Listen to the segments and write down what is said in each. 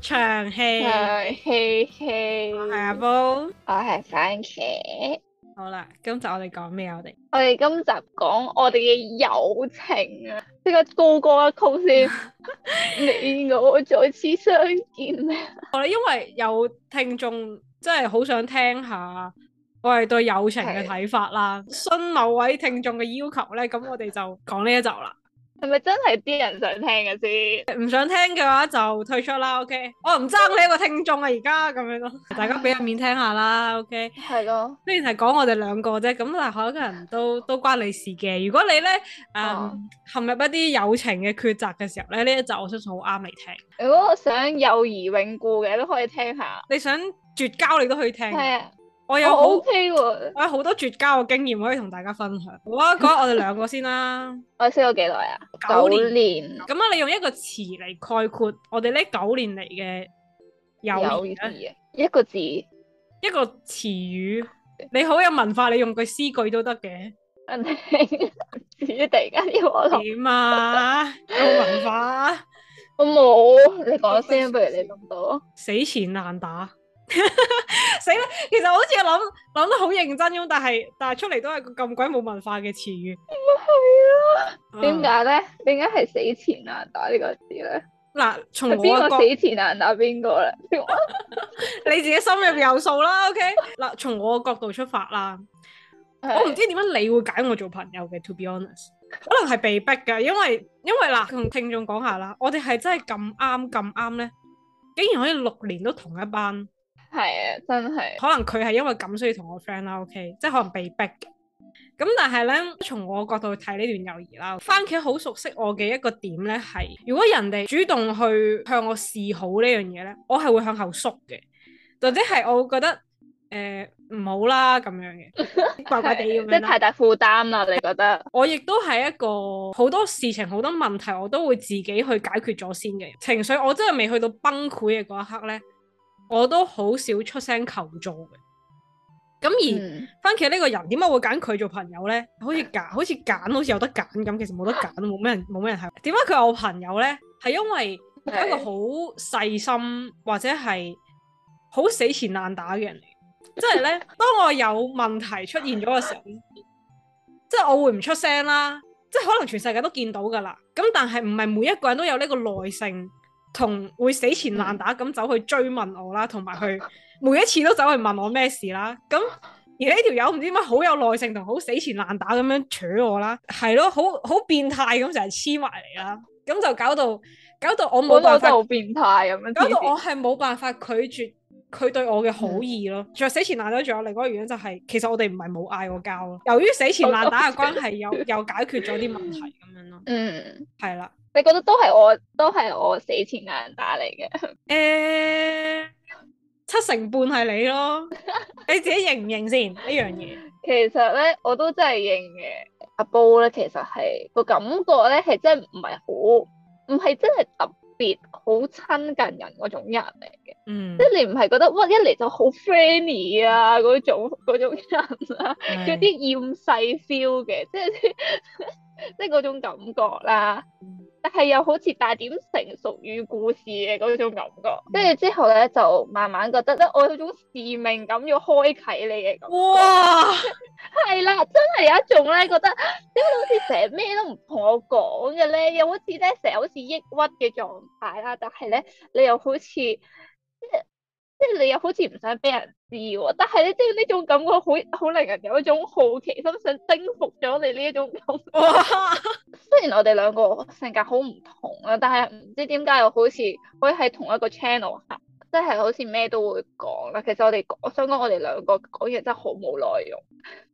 長氣，長氣氣，係阿 Bo，我係番茄。好啦，今集我哋講咩？我哋我哋今集講我哋嘅友情啊！即刻高歌一曲先， 你我再次相見啊！好啦，因為有聽眾真係好想聽下我哋對友情嘅睇法啦，順某位聽眾嘅要求咧，咁我哋就講呢一集啦。係咪真係啲人想聽嘅先？唔想聽嘅話就退出啦。OK，、哦、我唔爭你一個聽眾啊，而家咁樣咯。大家俾個面聽下啦。OK，係咯的。雖然係講我哋兩個啫，咁但係一個人都都關你事嘅。如果你咧，嗯、哦、陷入一啲友情嘅抉擇嘅時候咧，呢一集我相信好啱你聽。如果我想友誼永固嘅都可以聽下。你想絕交你都可以聽。我有、哦、OK 喎，我有好多絕交嘅經驗可以同大家分享。好啊，講下我哋兩個先啦。 我識咗幾耐啊？九年。咁啊年，你用一個詞嚟概括我哋呢九年嚟嘅友誼啊？一個字，一個詞語。你好有文化，你用句詩句都得嘅。唔明、 啊啊，你突然間要我點啊？冇文化。我冇，你講先，不如你諗到。死纏爛打。死啦！ 其實我好似諗諗得好認真咁，但係但係出嚟都係咁鬼冇文化嘅詞語。唔係啊？點解咧？點解係死纏爛打個呢個字咧？嗱，從邊個死纏爛打邊個咧？ 你自己心入邊有數、okay? 啦。OK，嗱，從我嘅角度出發啦， 我唔知點解你會揀我做朋友嘅。 to be honest，可能係被逼噶，因為因為嗱，同聽眾講下啦，下我哋係真係咁啱咁啱咧，竟然可以六年都同一班。係啊，真係可能佢係因為咁，所以同我 friend 啦，OK，即係可能被逼嘅。咁但係咧，從我角度去睇呢段友誼啦，番茄好熟悉我嘅一個點咧，係如果人哋主動去向我示好呢樣嘢咧，我係會向後縮嘅，或者係我覺得誒唔、呃、好啦咁樣嘅， 怪怪地咁的樣，即係太大負擔啦。你覺得？我亦都係一個好多事情好多問題，我都會自己去解決咗先嘅情緒。我真係未去到崩潰嘅嗰一刻咧。我都好少出聲求助嘅，咁而番茄呢個人點解會揀佢做朋友咧？好似揀好似揀好似有得揀咁，其實冇得揀，冇咩人冇咩人係。點解佢係我朋友咧？係因為係一個好細心或者係好死纏爛打嘅人嚟，即係咧，當我有問題出現咗嘅時候，即係我會唔出聲啦，即係可能全世界都見到噶啦。咁但係唔係每一個人都有呢個耐性。同會死纏爛打咁走去追問我啦，同埋佢每一次都走去問我咩事啦。咁而呢條友唔知點解好有耐性，同好死纏爛打咁樣扯我啦，係咯，好好變態咁成日黐埋嚟啦。咁就搞到搞到我冇辦法，好變態咁樣。搞到我係冇辦，、啊、辦法拒絕佢對我嘅好意咯。仲死纏爛打，仲有另一個原因就係、是，其實我哋唔係冇嗌過交咯。由於死纏爛打嘅關係，又 又解決咗啲問題咁樣咯。嗯，係啦。你覺得都係我，都係我死纏爛打嚟嘅。誒，uh, 七成半係你咯， 你自己認唔認先？呢樣嘢。其實咧，我都真係認嘅。阿波咧，其實係、那個感覺咧，係真唔係好，唔係真係特別好親近人嗰種人嚟嘅。嗯。即係你唔係覺得哇，一嚟就好 friendly 啊嗰種嗰種人啊，mm. 有啲厭世 feel 嘅，即、就、係、是 即係嗰種感覺啦，但係又好似帶點成熟與故事嘅嗰種感覺，跟住、嗯、之後咧就慢慢覺得咧我有種使命感要開啟你嘅感覺。哇！係 啦，真係有一種咧覺得點解好似成日咩都唔同我講嘅咧，又好似咧成日好似抑鬱嘅狀態啦，但係咧你又好似即係。嗯即係你又好似唔想俾人知喎，但係咧，即係呢種感覺好好令人有一種好奇心，想征服咗你呢一種感覺。雖然我哋兩個性格好唔同啊，但係唔知點解又好似可以喺同一個 channel 即係好似咩都會講啦，其實我哋我想講我哋兩個講嘢真係好冇內容，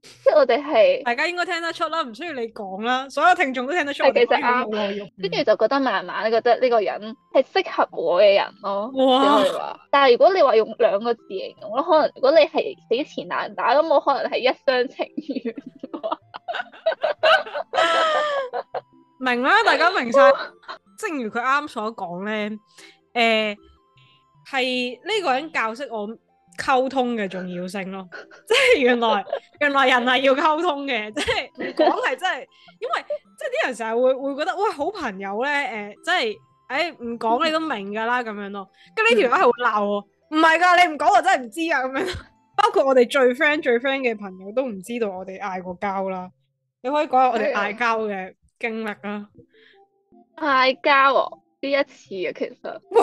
即係我哋係大家應該聽得出啦，唔需要你講啦，所有聽眾都聽得出係其實冇內容，跟住、嗯、就覺得慢慢覺得呢個人係適合我嘅人咯。哇但係如果你話用兩個字形容咯，可能如果你係死纏爛打都冇可能係一廂情願。 明啦，大家明晒。 正如佢啱啱所講咧，誒、欸。係呢個人教識我溝通嘅重要性咯，即 係原來原來人係要溝通嘅，即係講係真係，因為即係啲人成日會會覺得喂好朋友咧，誒、呃，即係誒唔講你都明噶啦咁樣咯，跟呢條友係會鬧，唔係噶，你唔講我真係唔知啊咁樣。包括我哋最 friend 最 friend 嘅朋友都唔知道我哋嗌過交啦，你可以講下我哋嗌交嘅經歷啊，嗌交、 哦。呢一次啊，其實，其實我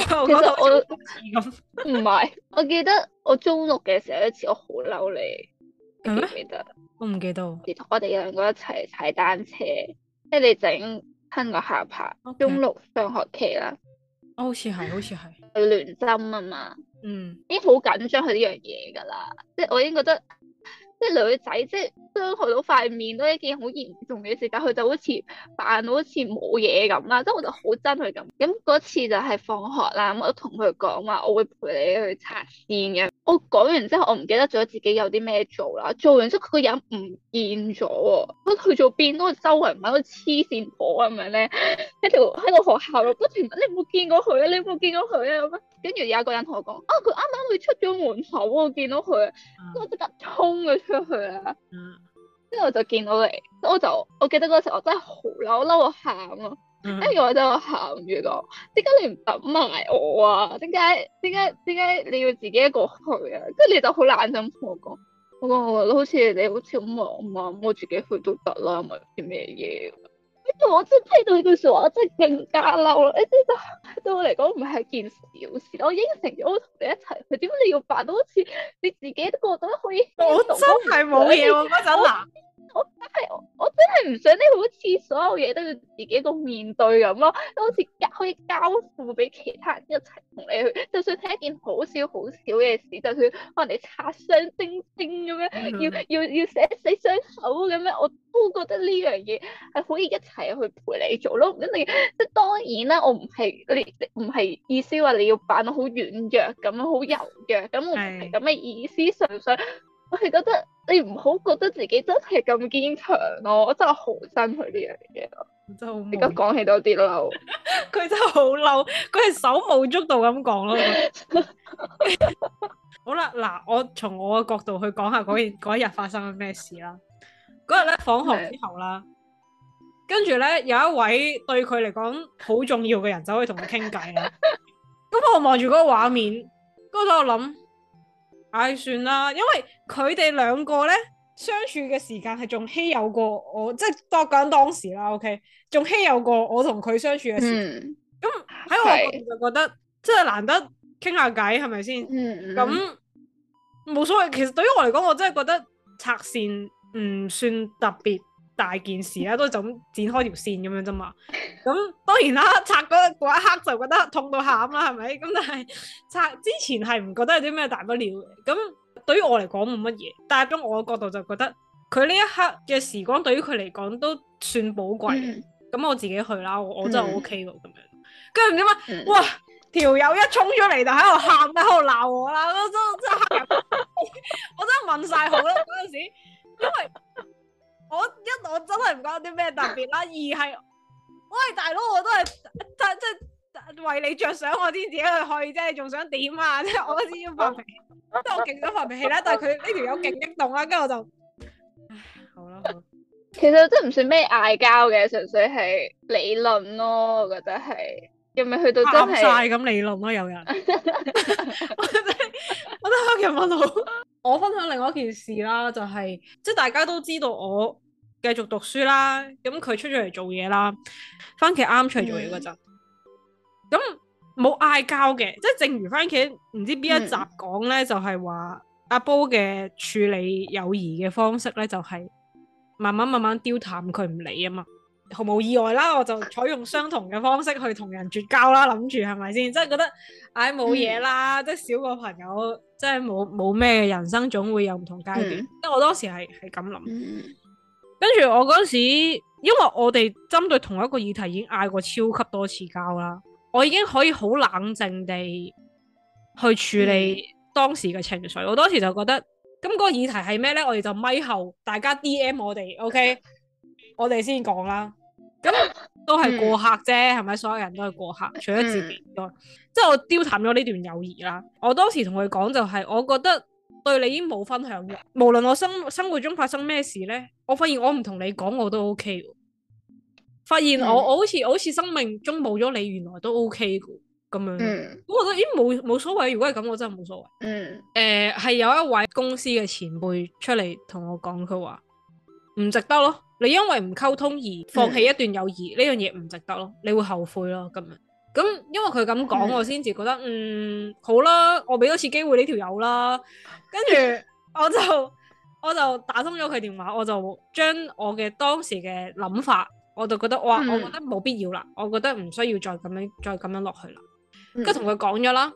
唔係， 我記得我中六嘅時候一次，我好嬲你，嗎記唔記得？我唔記得。我哋兩個一齊踩單車，即係你整親個下巴。Okay 中六上學期啦。哦，好似係，好似係。去亂針啊嘛，嗯，已經好緊張佢呢樣嘢㗎喇，即係我已經覺得。即係女仔，即係傷害到塊面都一件好嚴重嘅事，但佢就好似扮到好似冇嘢咁啦！即係我就好憎佢咁。咁嗰次就係放學啦，咁我都同佢講話，我會陪你去拆線嘅。我講完之後，我唔記得咗自己有啲咩做啦。做完之後，佢個人唔見咗喎。咁去咗邊？嗰周圍唔係嗰個黐線婆咁樣咧，喺條喺個學校度不斷問：你冇見過佢啊？你冇見過佢啊？跟住有一個人同我講，啊佢啱啱佢出咗門口，我見到佢，嗯、我即刻衝咗出去啦。嗯，之後我就見到你，我就我記得嗰時候我真係好嬲，嬲到喊咯，跟住我，嗯、我就喊住講，點解你唔等埋我啊？點解點解點解你要自己一個去啊？跟住你就好懶咁同我講，我講我覺得好似你好似好忙啊，咁我自己去都得啦，唔係有啲咩嘢。跟住我真係聽到呢句說話，我真係更加嬲啦！呢就對我嚟講唔係件小事。我應承咗要同你一齊，佢，點解你要扮到好似你自己都過到可以、啊，我真係冇嘢，我嗰陣諗。我真係我真係唔想呢，好似所有嘢都要自己個面對咁咯，都好似交可以交付俾其他人一齊同你去，就算係一件好小好小嘅事，就算可能你擦傷叮叮咁樣，嗯、要要要寫死傷口咁樣，我都覺得呢樣嘢係可以一齊去陪你做咯。咁你即係當然啦，我唔係你唔係意思話你要扮到好軟弱咁樣，好柔弱咁，我唔係咁嘅意思，純粹是。我係覺得你唔好覺得自己真係咁堅強咯，我真係好憎佢呢樣嘢咯，真係。你而家講起多啲咯，佢 真係好嬲，佢係手舞足蹈咁講咯。 好啦，嗱，我從我嘅角度去講下嗰一日發生咗咩事啦。嗰日咧放學之後啦，跟住咧有一位對佢嚟講好重要嘅人走去同佢傾偈啊。咁 我望住嗰個畫面，嗰陣我諗。唉，算啦，因為佢哋兩個咧相處嘅時間係仲稀有過我，即係講緊當時啦，OK，仲稀有過我同佢相處嘅時間。咁喺、嗯、我，就覺得即係是難得傾下偈，係咪先？咁冇、嗯、所謂。其實對於我嚟講，我真係覺得拆線唔算特別。大件事啦、啊，都係就咁剪開條線咁樣啫嘛。咁、嗯、當然啦，拆嗰一刻就覺得痛到喊啦，係咪？咁但係拆之前係唔覺得有啲咩大不了嘅。咁、嗯、對於我嚟講，冇乜嘢，但係從我角度就覺得佢呢一刻嘅時光對於佢嚟講都算寶貴。咁、嗯、我自己去啦，我，我真係 O K 喎，咁、嗯、樣。跟住點啊？哇！條友一衝出嚟就喺度喊，喺度鬧我啦，我都都真係，我真係 問晒好啦嗰陣時，因為。我一，我真係唔講啲咩特別啦，二係，喂，大佬我都係真真為你着想，我先自己去去啫，仲想點啊？即係我先要發脾氣，即係我勁咗發脾氣啦。但係佢呢條友勁激動啦，跟住我就，唉，好啦好。其實都唔算咩嗌交嘅，純粹係理論咯，我覺得係，又咪去到真係咁理論咯，有人。 我哋得，哋今問好，我分享另外一件事啦，就係、是、即係大家都知道我。繼續讀書啦，咁佢出咗嚟做嘢啦。番茄啱出嚟做嘢嗰陣，咁冇嗌交嘅，即係正如番茄唔知邊一集講咧，mm hmm. 就係話阿波嘅處理友誼嘅方式咧，就係、是、慢慢慢慢丟淡佢唔理啊嘛，毫無意外啦，我就採用相同嘅方式去同人絕交啦，諗住係咪先？即係覺得唉冇嘢啦，mm hmm. 即係少個朋友，即係冇冇咩人生總會有唔同階段，mm hmm. 即係我當時係係咁諗。跟住我嗰時，因為我哋針對同一個議題已經嗌過超級多次交啦，我已經可以好冷靜地去處理當時嘅情緒。嗯、我當時就覺得，咁、那、嗰個議題係咩咧？我哋就咪後，大家 DM 我哋，OK， 我哋先講啦。咁都係過客啫，係咪？所有人都係過客，除咗自己。嗯、即係我丟淡咗呢段友誼啦。我當時同佢講就係、是，我覺得。對你已經冇分享嘅，無論我生生活中發生咩事咧，我發現我唔同你講我都 OK，發現我、嗯、我好似好似生命中冇咗你，原來都 O K 噶，咁樣，咁、嗯、我覺得咦冇冇所謂，如果係咁，我真係冇所謂。嗯，誒、呃，係有一位公司嘅前輩出嚟同我講，佢話唔值得咯，你因為唔溝通而放棄一段友誼呢、嗯、樣嘢唔值得咯，你會後悔咯咁樣。咁，因為佢咁講，我先至覺得，嗯，好啦，我俾多次機會呢條友啦。跟住我就我就打通咗佢電話，我就將我嘅當時嘅諗法，我就覺得哇，我覺得冇必要啦，我覺得唔需要再咁樣再咁樣落去啦。嗯，跟住同佢講咗啦。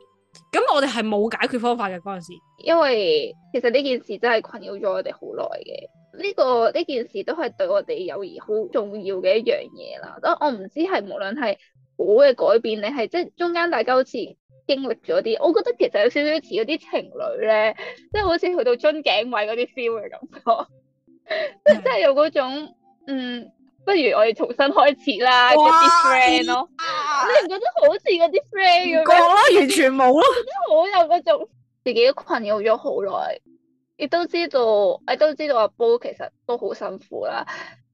咁我哋係冇解決方法嘅嗰陣時，因為其實呢件事真係困擾咗我哋好耐嘅。呢個呢件事都係對我哋友誼好重要嘅一樣嘢啦。我我唔知係無論係。好嘅改變你係即係中間大家好似經歷咗啲，我覺得其實有少少似嗰啲情侶咧，即係好似去到樽頸位嗰啲 feel 嘅感覺， 即係真係有嗰種，嗯，不如我哋重新開始啦嗰啲 friend 咯，你唔覺得好似嗰啲 friend 咁？講咯，完全冇咯，好有嗰種自己困擾咗好耐，亦都知道，亦都知道阿 Bo 其實都好辛苦啦，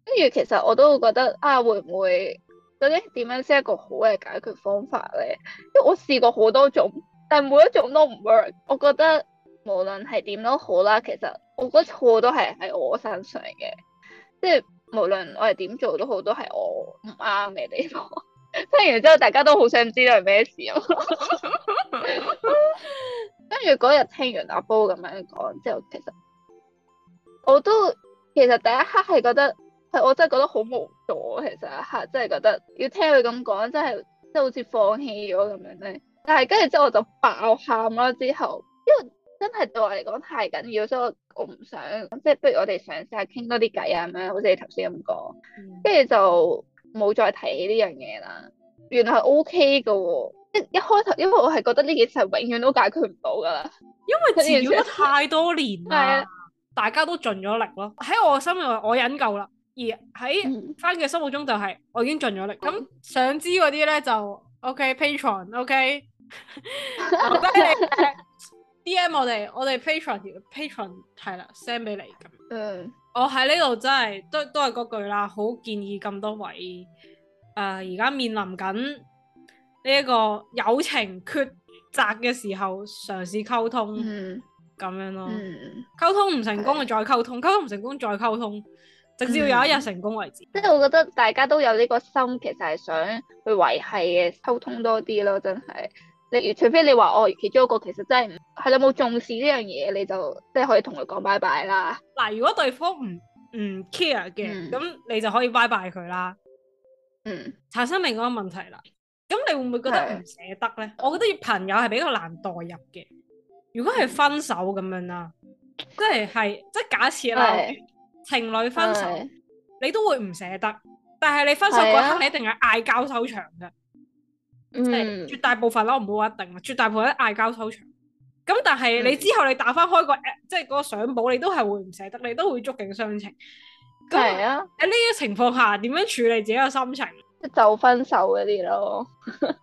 跟住其實我都會覺得啊，會唔會？究竟點樣先係一個好嘅解決方法咧？因為我試過好多種，但係每一種都唔 work。我覺得無論係點都好啦，其實我覺得錯都係喺我身上嘅，即係無論我哋點做都好，都係我唔啱嘅地方。聽 完之後，大家都好想知道係咩事啊！跟住嗰日聽完阿波咁樣講之後，其實我都其實第一刻係覺得。我真係覺得好無助，其實吓真係覺得要聽佢咁講，真係真係好似放棄咗咁樣咧。但係跟住之後我就爆喊啦。之後因為真係對我嚟講太緊要，所以我唔想即係，不如我哋嘗試下傾多啲偈啊咁樣，好似你頭先咁講。跟住就冇再提起呢樣嘢啦。原來係 O K 噶，即係一開頭，因為我係覺得呢件事永遠都解決唔到噶啦，因為纏咗太多年啦， 對 大家都盡咗力咯。喺我心入，我忍夠啦。而喺翻嘅心目中就係、是，我已經盡咗力。咁、嗯、想知嗰啲咧就，OK，Patreon，OK，D、OK, OK, 你 M 我哋，我哋 Patreon，Patreon 係啦，send 俾你咁。嗯，我喺呢度真係都都係嗰句啦，好建議咁多位，誒、呃，而家面臨緊呢一個友情抉擇嘅時候，嘗試溝通咁、嗯、樣咯。溝、嗯、通唔成功就再溝通，溝、嗯、對通唔成功再溝通。直至有一日成功為止，嗯、即係我覺得大家都有呢個心，其實係想去維繫嘅，溝通多啲咯，真係。例如，除非你話我、哦、其中一個，其實真係係你冇重視呢樣嘢，你就即係可以同佢講拜拜啦。嗱，如果對方唔唔 care 嘅，咁、嗯、你就可以拜拜佢啦。嗯，產生另外一個問題啦，咁你會唔會覺得唔捨得咧？的我覺得要朋友係比較難代入嘅。如果係分手咁樣、嗯、啦，即係係即係假設啦。情侶分手的你都會唔捨得，但係你分手嗰刻，的你一定係嗌交收場即係、嗯、絕大部分啦，唔好話一定啦，絕大部分嗌交收場。咁但係你之後你打翻開、嗰個、嗯、即係嗰個相簿，你都係會唔捨得，你都會觸景傷情。係啊！喺呢啲情況下，點的樣處理自己嘅心情？就分手嗰啲咯。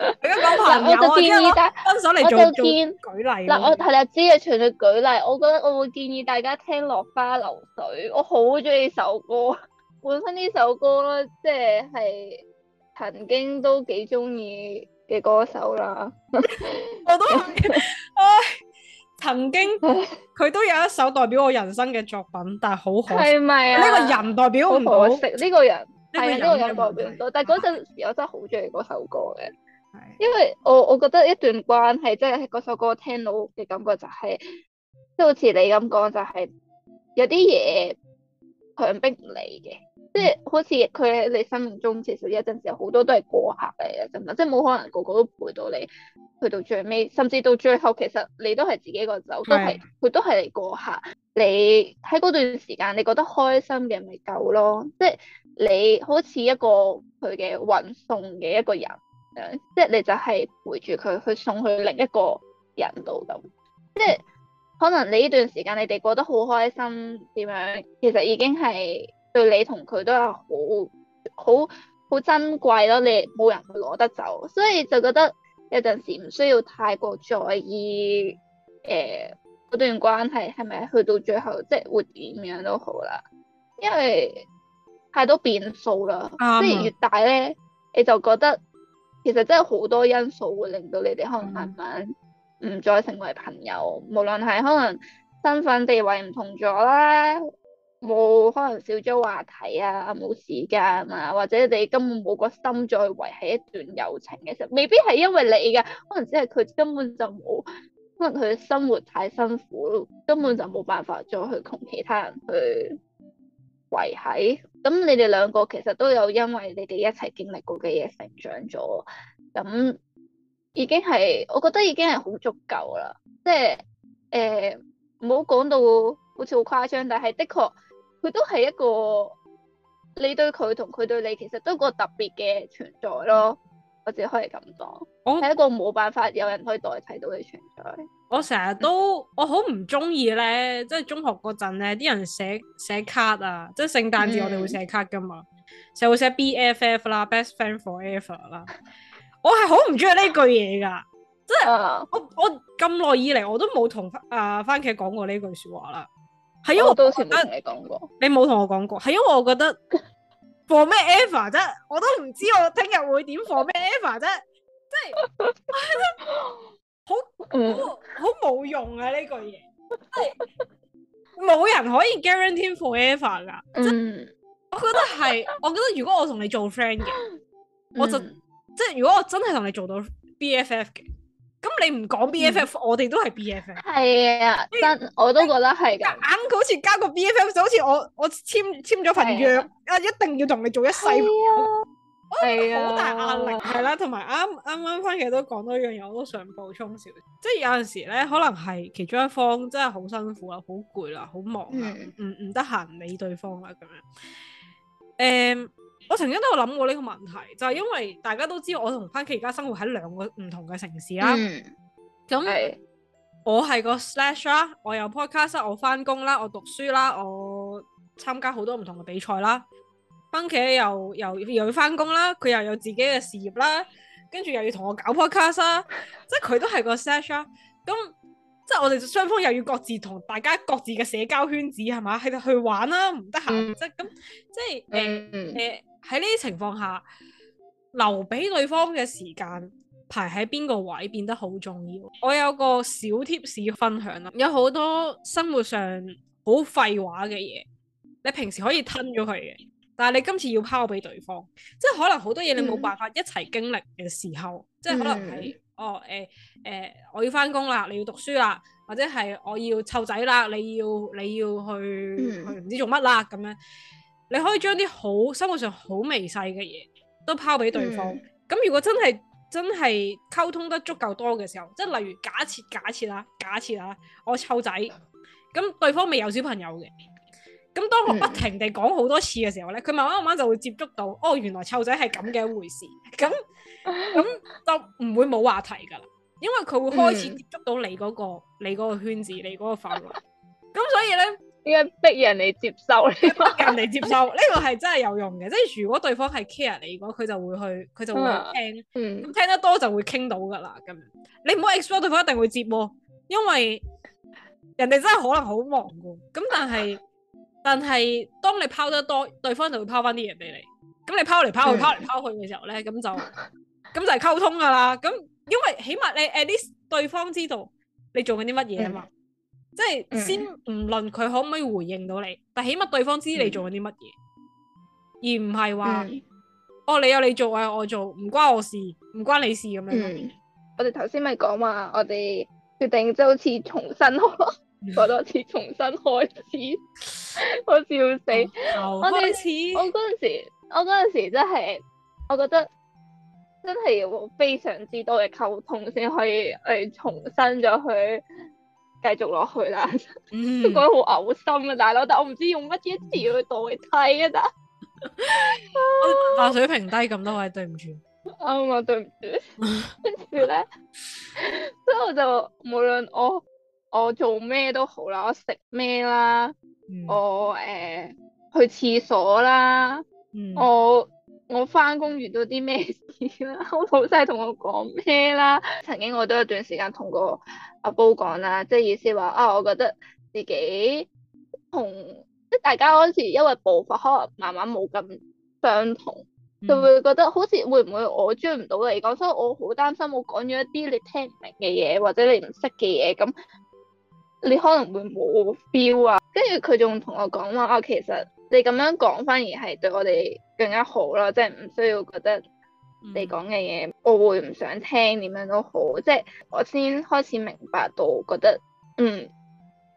我就建議大家分手，嚟做見舉例嗱，我頭先知嘅純粹舉例，我覺得我會建議大家聽《落花流水》，我好中意首歌，本身呢首歌咧，即係曾經都幾中意嘅歌手啦。我都唉，曾經佢都有一首代表我人生嘅作品，但係好可惜，呢個人代表唔到。可惜呢個人係啊，呢個人代表唔到，但係嗰陣時我真係好中意嗰首歌嘅。因為我我覺得一段關係，即係嗰首歌聽到嘅感覺就係，即係好似你咁講就係，有啲嘢強逼你嘅，即係好似佢喺你生命中，其實有陣時好多都係過客嚟，有陣時即係冇可能個個都陪到你，去到最尾，甚至到最後其實你都係自己一個走，都係佢是都係嚟過客，你喺嗰段時間你覺得開心嘅咪夠咯，即係你好似一個佢嘅運送嘅一個人。即係你就係陪住佢，去送去另一個人度咁，即係可能你呢段時間你哋過得好開心點樣，其實已經係對你同佢都係好好好珍貴咯，你冇人去攞得走，所以就覺得有陣時唔需要太過在意誒嗰、呃、段關係係咪去到最後即係會點樣都好啦，因為太多變數啦，吧即係越大咧你就覺得。其實真係好多因素會令到你哋可能慢慢唔再成為朋友，嗯、無論係可能身份地位唔同咗啦，冇可能少咗話題啊，冇時間啊，或者你根本冇個心再去維繫一段友情嘅時候，未必係因為你嘅，可能只係佢根本就冇，可能佢嘅生活太辛苦，根本就冇辦法再去同其他人去。維喺咁，你哋兩個其實都有因為你哋一齊經歷過嘅嘢成長咗，咁已經係，我覺得已經係好足夠啦。即係誒，唔好講到好似好誇張，但係的確佢都係一個你對佢同佢對你，其實都個特別嘅存在咯。我自己可以咁多。我係一個冇辦法有人可以代替到你存在。我成日都我好唔中意咧，嗯、即係中學嗰陣咧，啲人寫寫 c 啊，即係聖誕字，我哋會寫卡 a 噶嘛成日會寫 BFF 啦，best friend for ever 啦。我係好唔中意呢句嘢噶即係我我咁耐以嚟我都冇同啊番茄講過呢句說話啦，係因為我，我都冇同你講過，啊，你冇同我講過，係因為我覺得。 放咩 ever 啫？Whatever，我都唔知我聽日會點放咩 ever 啫，即係， 好，好，好冇用啊！呢句嘢，即係冇人可以 guarantee forever 噶。嗯，我覺得係，我覺得如果我同你做 friend 嘅，我就、嗯、即係如果我真係同你做到 BFF 嘅。咁你唔講 BFF，我哋都係 BFF。係啊的，但你我都覺得係噶。硬好似加個 BFF，就好似我我簽簽咗份約啊，的一定要同你做一世。係啊的。好大壓力，係啦的。同埋啱啱啱翻其實都講多一樣嘢，我都想補充少，即係有陣時咧，可能係其中一方真係好辛苦啊，好攰啦、好忙啊，唔唔得閒理對方啦，咁樣。誒、嗯。我曾經都有諗過呢個問題，就係、是、因為大家都知我同番茄而家生活喺兩個唔同嘅城市啦。咁、嗯、我係個 slasher，我有 podcast，我翻工啦，我讀書啦，我參加好多唔同嘅比賽啦。嗯、番茄又又又要翻工啦，佢又有自己嘅事業啦，跟住又要同我搞 podcast 啦、嗯嗯，即係佢都係個 slasher。咁即係我哋雙方又要各自同大家各自嘅社交圈子係嘛，喺度去玩啦、啊，唔得閒、嗯、即係咁，即係誒誒。嗯嗯。喺呢啲情況下，留俾對方嘅時間排喺邊個位變得好重要。我有個小貼士分享啦，有好多生活上好廢話嘅嘢，你平時可以吞咗佢嘅，但係你今次要拋俾對方，即係可能好多嘢你冇辦法一齊經歷嘅時候，嗯、即係可能係、嗯、哦誒誒、呃呃，我要翻工啦，你要讀書啦，或者係我要湊仔啦，你要你要去唔、嗯、知做乜啦咁樣。你可以將啲好生活上好微細嘅嘢都拋俾對方。咁、嗯、如果真係真係溝通得足夠多嘅時候，即係例如假設假設啊，假設啊，我湊仔，咁對方未有小朋友嘅，咁當我不停地講好多次嘅時候咧，佢慢慢慢慢就會接觸到，哦，原來湊仔係咁嘅一回事。咁咁就唔會冇話題㗎喇，因為佢會開始接觸到你嗰、嗰個你嗰個圈子，你嗰個範圍。咁、嗯、所以咧。應該逼人哋接受，逼人接受，呢個係真係有用嘅。 即係如果對方係 care 你嘅話，佢就會去，佢就會去聽， 聽得多就會傾到噶啦。咁你唔好 expect 對方一定會接啊，因為人哋真係可能好忙噶。咁但係 但係當你拋得多，對方就會拋翻啲嘢俾你。咁你拋嚟拋去，拋嚟拋去嘅時候咧，咁就咁就係溝通噶啦。咁因為起碼你 at least 對方知道你做緊啲乜嘢啊嘛。 即係先唔論佢可唔可以回應到你，嗯、但起碼對方知你做咗啲乜嘢，嗯、而唔係話哦你有你做啊我，我做唔關我事唔關你事咁、嗯、樣。我哋頭先咪講嘛，我哋決定即好似重新過 多次，重新開始， 我笑死！哦、我哋似我嗰陣時，我嗰陣時，時真係，我覺得真係有非常之多嘅溝通先可以去重新咗佢。繼續落去啦，mm. 都覺得好嘔心啊，大佬！但我唔知用乜嘢詞去代替啊，得下、mm. 水平低咁多位，對唔住，啱啊，對唔住。跟住咧，所以我就無論我我做咩都好啦，我食咩啦，我誒去廁所啦，我我翻工遇到啲咩事啦， 我老細同我講咩啦，曾經我都有一段時間同個。阿煲講啦，即係意思話啊，我覺得自己同即係大家嗰陣時因為步伐可能慢慢冇咁相同，嗯、就會覺得好似會唔會我追唔到你講，所以我好擔心我講咗一啲你聽唔明嘅嘢，或者你唔識嘅嘢咁，你可能會冇 feel 啊。跟住佢仲同我講話啊，其實你咁樣講反而係對我哋更加好咯，即係唔需要覺得。你講嘅嘢，我會唔想聽，點樣都好，即係我先開始明白到，覺得嗯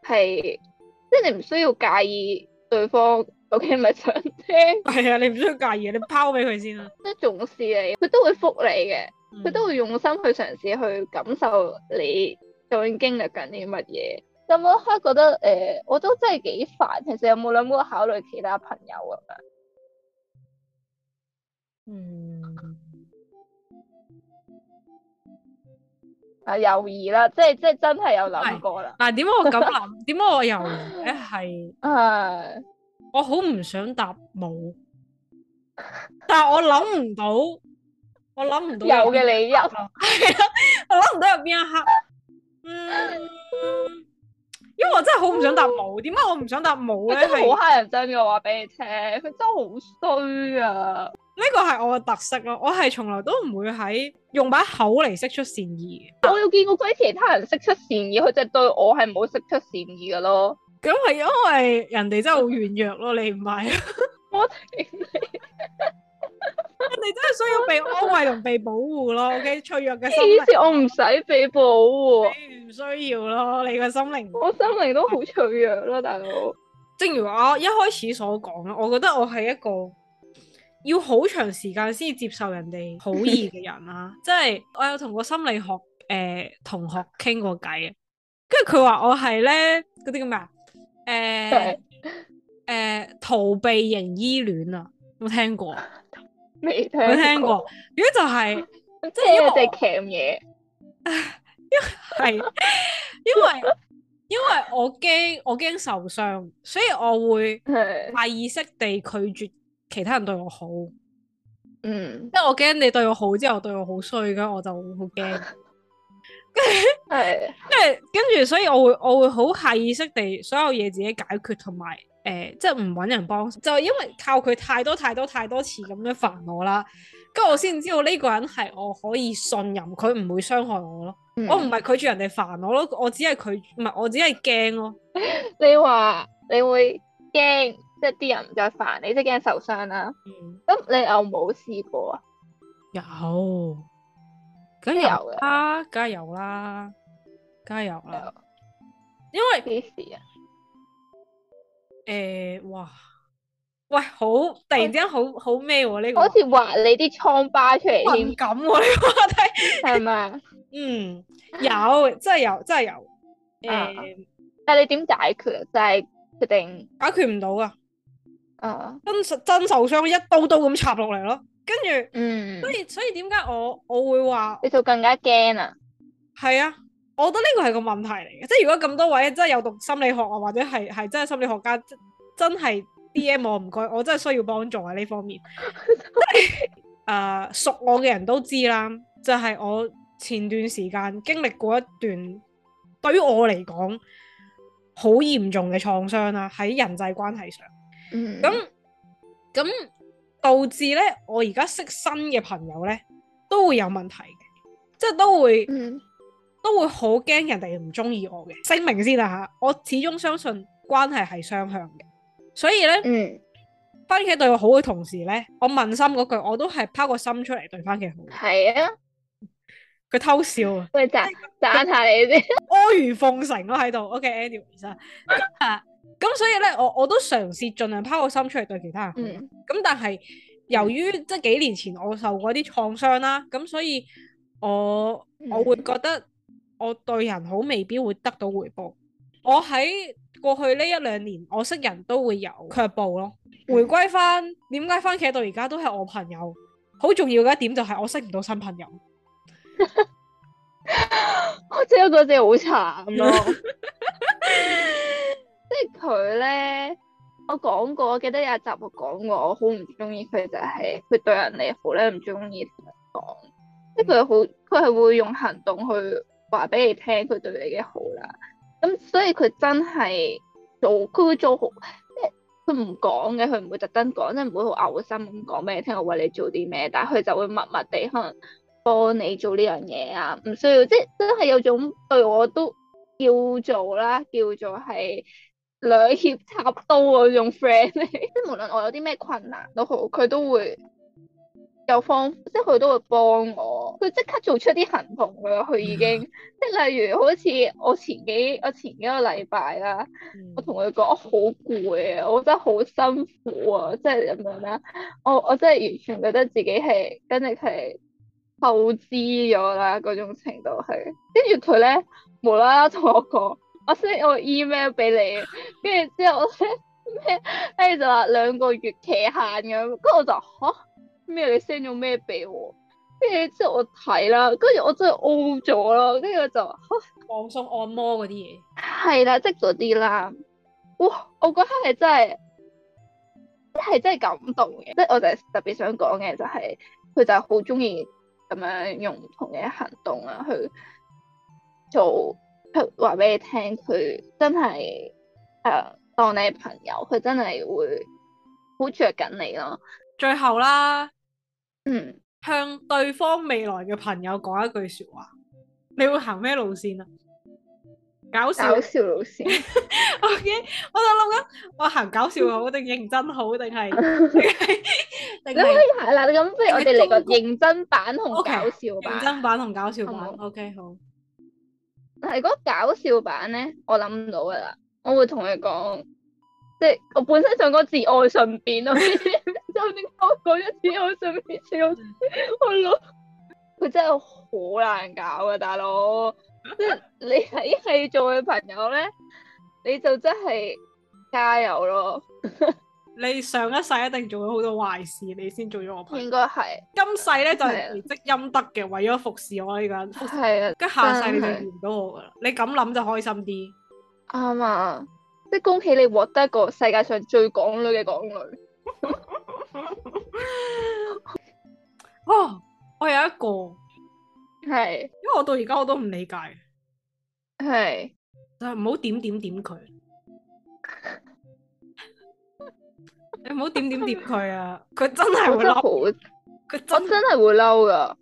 係，即係你唔需要介意對方究竟係咪想聽。係啊，你唔需要介意你拋俾佢先啦。即係重視你，佢都會復你嘅，佢、嗯、都會用心去嘗試去感受你究竟經歷緊啲乜嘢，有冇開覺得誒、呃，我都真係幾煩，其實有冇諗過考慮其他朋友啊？嗯。啊猶疑啦，即係即係真係有諗過啦。但係點解我咁諗？點解 我猶疑咧？係， 我好唔想答冇，但係我諗唔到，我諗唔到有嘅理由。係啊，我諗唔到入邊一刻。嗯，因為我真係好唔想答冇。點解 我唔想答冇咧？真係好乞人憎嘅話俾你聽，佢真係好衰啊！呢個係我嘅特色咯，我係從來都唔會喺用把口嚟釋出,出善意。我有見過鬼其他人釋出善意，佢就對我係冇釋出善意嘅咯。咁係因為人哋真係好軟弱咯，你唔係？我哋真係需要被安慰同被保護咯，啲、okay? 脆弱嘅。咩意思？我唔使被保護，唔需要咯。你嘅心靈，我心靈都好脆弱咯，大佬。正如我一開始所講啦，我覺得我係一個。要好長時間先接受人哋好易嘅人啦、啊，即係、 就是、我有同個心理學誒、呃、同學傾過偈，跟住佢話我係咧嗰啲叫咩啊？誒誒、呃 呃、逃避型依戀啊，有冇聽過？未聽，冇聽過。如果就係即係我哋鉗嘢，一係因為、就是、 因為我驚 我驚受傷，所以我會下意識地拒絕。 其他人對我好，嗯，因為我驚你對我好之後對我好衰，咁我就好驚。係 的，因為 跟住所以我，我會我會好下意識地所有嘢自己解決，同埋誒，即係唔揾人幫。就係因為靠佢太多太多太多次咁樣煩我啦，跟住我先知道呢個人係我可以信任，佢唔會傷害我咯。嗯、我唔係拒絕人哋煩我咯，我只係拒絕唔係我只係驚咯。你話你會驚？即係啲人唔再煩你，即係驚受傷啦。咁你有冇試過啊？有，梗有啊，梗有啦，梗有啦。因為幾時啊？誒，哇！喂，好突然之間，好好咩？呢個好似畫你啲瘡疤出嚟，添，唔敢喎。係咪？嗯，有，真係有，真係有。誒，但係你點解決啊？就係決定解決唔到噶。啊，真受真受傷，一刀刀咁插落嚟咯。跟住，嗯所，所以所以點解我我會話你就更加驚啊？係啊，我覺得呢個係個問題嚟嘅，即係如果咁多位真係有讀心理學啊，或者係係真係心理學家，真真係 DM 我唔該，我真係需要幫助喺呢方面。誒， uh, 熟我嘅人都知啦，就係、是、我前段時間經歷過一段對於我嚟講好嚴重嘅創傷啦，喺人際關係上。咁咁導致咧，我而家識新嘅朋友咧，都會有問題嘅，即係都會、嗯、都會好驚人哋唔中意我嘅。聲明先啦、啊、吓，我始終相信關係係雙向嘅，所以咧，嗯、番茄對我好嘅同時咧，我問心嗰句，我都係拋個心出嚟對番茄好。係啊，佢 偷笑啊，會讚讚下你啲阿諛奉承咯喺度。OK，anyway。Okay, anyway, 咁所以咧，我我都嘗試盡量拋個心出嚟對其他人。咁、嗯、但係由於即係幾年前我受過啲創傷啦，咁所以我我會覺得我對人好未必會得到回報。我喺過去呢一兩年，我識人都會有卻步咯。回歸翻，點解番茄到而家都係我朋友？好重要嘅一點就係我識唔到新朋友。 我真係覺得好慘咯。 即係佢咧，我講過，我記得有一集我講過，我好唔中意佢就係、是、佢對人哋好咧，唔中意同人講。即係佢好，佢係會用行動去話俾你聽，佢對你嘅好啦。咁所以佢真係做，佢會做好，即係佢唔講嘅，佢唔會特登講，即係唔會好嘔心咁講俾你聽我為你做啲咩，但係佢就會默默地可能幫你做呢樣嘢啊，唔需要，即係真係有種對我都叫做啦，叫做係。兩脅插刀啊，用 friend 嚟，即係無論我有啲咩困難都好，佢都會有方，即係佢都會幫我，佢即刻做出啲行動嘅。佢已經，即係例如好似我前幾我前幾個禮拜啦，我同佢講我好攰啊，我真係好辛苦啊，即係咁樣啦。我我真係完全覺得自己係跟住係透支咗啦，嗰種程度係，跟住佢咧無啦啦同我講。我 send 我 email 俾你，跟住之後我 send 咩？跟住就話兩個月期限咁，跟住我就嚇咩、啊？你 send 咗咩俾我？跟住之後我睇啦，跟住我真係 O 咗啦，跟、啊、住我，我就嚇網送按摩嗰啲嘢，係啦，積咗啲啦。哇！我嗰刻係真係，即係真係感動嘅。即係我就係特別想講嘅就係、是，佢就係好中意咁樣用唔同嘅行動啊去做。佢話俾你聽，佢真係誒、呃、當你係朋友，佢真係會好着緊你咯。最後啦，嗯，向對方未來嘅朋友講一句說話，你會行咩路線啊？搞笑路線。 OK，我就諗緊，我行搞笑好定認真好定係定係？ 你可以行啦，咁不如我哋嚟個認真版同搞，、okay, 搞笑版，認真版同搞笑版。OK，好。但係嗰搞笑版咧，我諗到噶啦，我會同佢講，即係我本身想講自愛順便咯，即係我講一次，我順便笑，我我佢真係好難搞噶大佬，即係 你喺戲做嘅朋友咧，你就真係加油咯。 你上一世一定做咗好多壞事，你先做咗我朋友。應該係今世咧，就係積陰德嘅，為咗服侍我呢個人。係啊，跟下世你就見唔到我噶啦。你咁諗就開心啲。啱啊，即係恭喜你獲得一個世界上最港女嘅港女。哦，我有一個係，因為我到而家我都唔理解。係，就唔好點點點佢。唔好點點點佢啊！佢真係會嬲，佢真真係會嬲噶。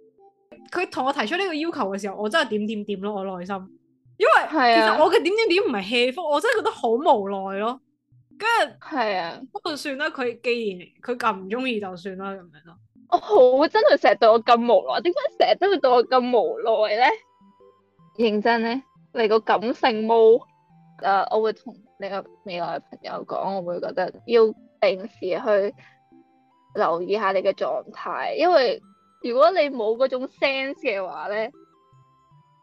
佢同我提出呢個要求嘅時候，我真係點點點咯。我內心，因為其實我嘅點點點唔係欺負，我真係覺得好無奈咯。跟住係啊，不過算啦。佢既然佢咁唔中意，就算啦，咁樣咯。我好真係成日對我咁無奈，點解成日都會對我咁無奈咧？認真咧，你個感性冇誒，我會同你個未來嘅朋友講，我會覺得要。定時去留意下你嘅狀態，因為如果你冇嗰種 sense 嘅話咧，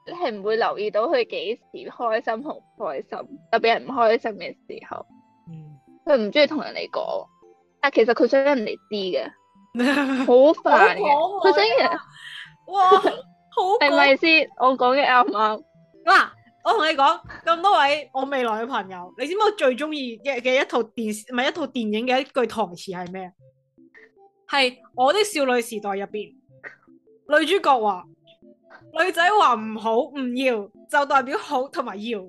你係唔會留意到佢幾時開心同唔開心，特別係唔開心嘅時候，嗯，佢唔中意同人哋講，但其實佢想俾人哋知嘅，好煩佢想嘅，哇，好係咪先？我講嘅啱唔啱啊？我同你講咁多位我未來嘅朋友，你知唔知我最中意嘅嘅一套電視唔係一套電影嘅一句台詞係咩？係《我的少女時代》入邊，女主角話女仔話唔好唔要，就代表好同埋要。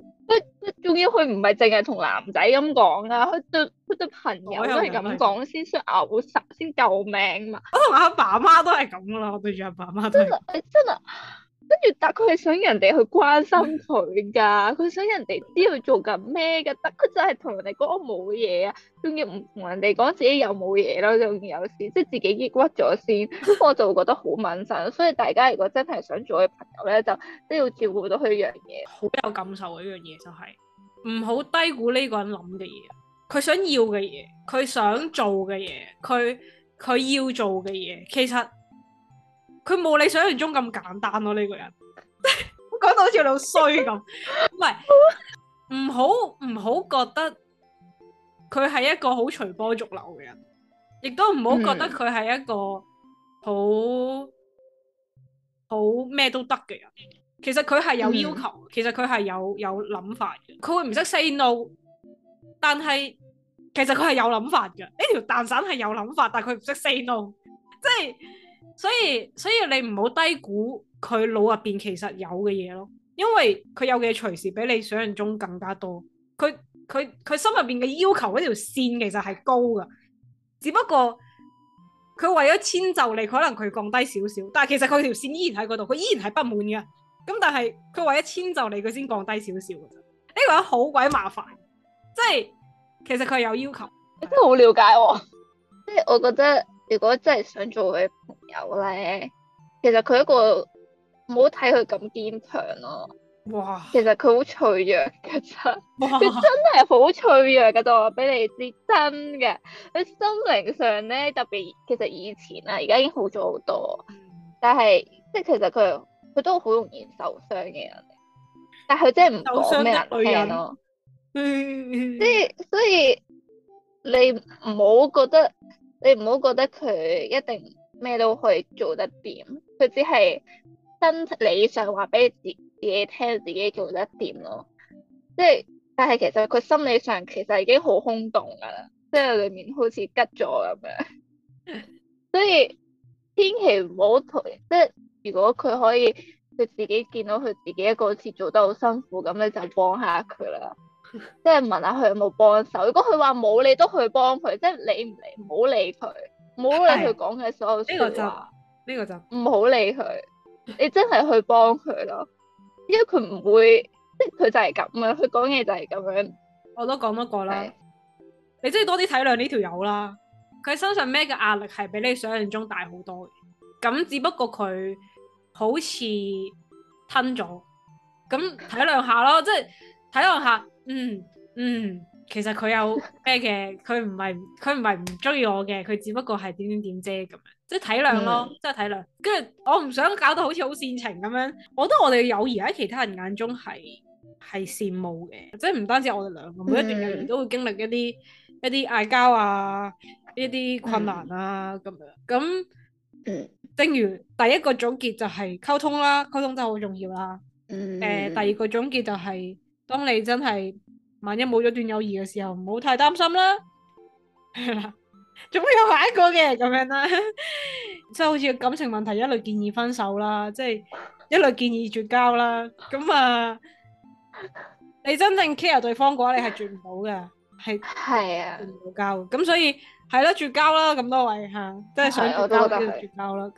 仲要佢唔係淨係同男仔咁講啊，佢對佢對朋友都係咁講先算牛十先救命嘛。我同阿爸阿媽都係咁啦，我對住阿爸阿媽都係。真係！跟住，但佢係想人哋去關心佢㗎，佢 想人哋知佢做緊咩㗎。得，佢就係同人哋講我冇嘢啊，仲要唔同人哋講自己又冇嘢咯，仲有事，即係自己抑鬱咗先。咁 我就會覺得好敏感。所以大家如果真係想做嘅朋友咧，就都要照顧到佢樣嘢。好有感受嘅一樣嘢就係、是，唔好低估呢個人諗嘅嘢，佢想要嘅嘢，佢想做嘅嘢，佢佢要做嘅嘢，其實。佢冇你想象中咁簡單咯，呢個人，講到好似你好衰咁，唔係，唔好唔好覺得佢係一個好隨波逐流嘅人，亦都唔好覺得佢係一個好好咩都得嘅人。其實佢係有要求，其實佢係有有諗法嘅。佢會唔識 say no，但係其實佢係有諗法嘅。呢條蛋散係有諗法，但係佢唔識 say no，即係。所以所以你唔好低估佢腦入邊其實有嘅嘢咯，因為佢有嘅嘢隨時比你想象中更加多。佢佢佢心入邊嘅要求嗰條線其實係高噶，只不過佢為咗遷就你，可能佢降低少少。但係其實佢條線依然喺嗰度，佢依然係不滿嘅。咁但係佢為咗遷就你，佢先降低少少。呢、這個人好鬼麻煩，即係其實佢有要求。你真係好了解我，即係 我覺得如果真係想做嘅。有咧，其實佢一個唔好睇佢咁堅強咯。哇、啊！嘩其實佢好脆弱嘅啫，佢嘩真係好脆弱就話我俾你知真嘅，佢心靈上咧特別，其實以前啦、啊，而家已經好咗好多。但係即係其實佢佢都好容易受傷嘅人，但係佢真係唔講咩聽咯、啊。即係 所以，所以你唔好覺得，你唔好覺得佢一定。咩都可以做得掂，佢只係心理上話俾自自己聽，自己做得掂咯。即係，但係其實佢心理上其實已經好空洞噶啦，即係裏面好似吉咗咁樣。 所以千祈唔好同，即係如果佢可以，佢自己見到佢自己一個好似做得好辛苦，咁你就幫下佢啦。即係 問下佢有冇幫手，如果佢話冇，你都去幫佢。即係你唔理，唔好理佢。冇理佢講嘅所有呢個就，呢個就唔好理佢。 你真係去幫佢咯，因為佢唔會，即係佢就係咁啊！佢講嘢就係咁樣。樣我都講是多個啦，你真係多啲體諒呢條友啦。佢身上咩嘅壓力係比你想象中大好多。咁只不過佢好似吞咗，咁體諒下咯， 即係體諒下。嗯嗯。其實佢有咩嘅？佢唔係佢唔係唔中意我嘅，佢只不過係點點點啫咁樣，即係體諒咯，即係、mm hmm. 體諒。跟住我唔想搞到好似好煽情咁樣。我覺得我哋嘅友誼喺其他人眼中係係羨慕嘅，即係唔單止我哋兩個每一段友誼都會經歷一啲一啲嗌交啊，一啲困難啊咁、mm hmm. 樣。咁正如第一個總結就係溝通啦，溝通真係好重要啦。誒、mm hmm. 呃，第二個總結就係、是、當你真係。萬一冇咗段友誼嘅時候，唔好太擔心啦。係啦，總會有下一個嘅咁樣啦。即係好似感情問題，一律建議分手啦，即係一律建議絕交啦。咁啊，你真正 care 對方嘅話，你係絕唔到嘅，係係啊，絕唔到交嘅。咁所以係咯，絕交啦，咁多位吓，真係想絕交都要絕交啦。咁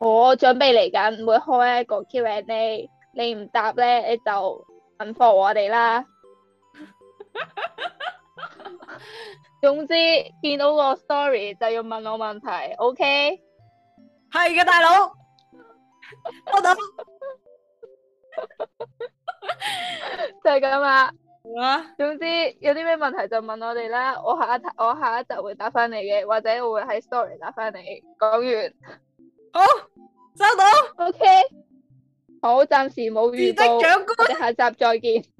我準備嚟緊會開一個 Q&A，你唔答咧，你就問服我哋啦。 總之見到個 story 就要問我問題，OK？係嘅，大佬，收到， 就係咁啦。好啊。總之有啲咩問題就問我哋啦，我下一我下一集會答翻你嘅，或者我會喺 story 答翻你。講完，好收到，OK。好，暫時冇預即我哋下集再見。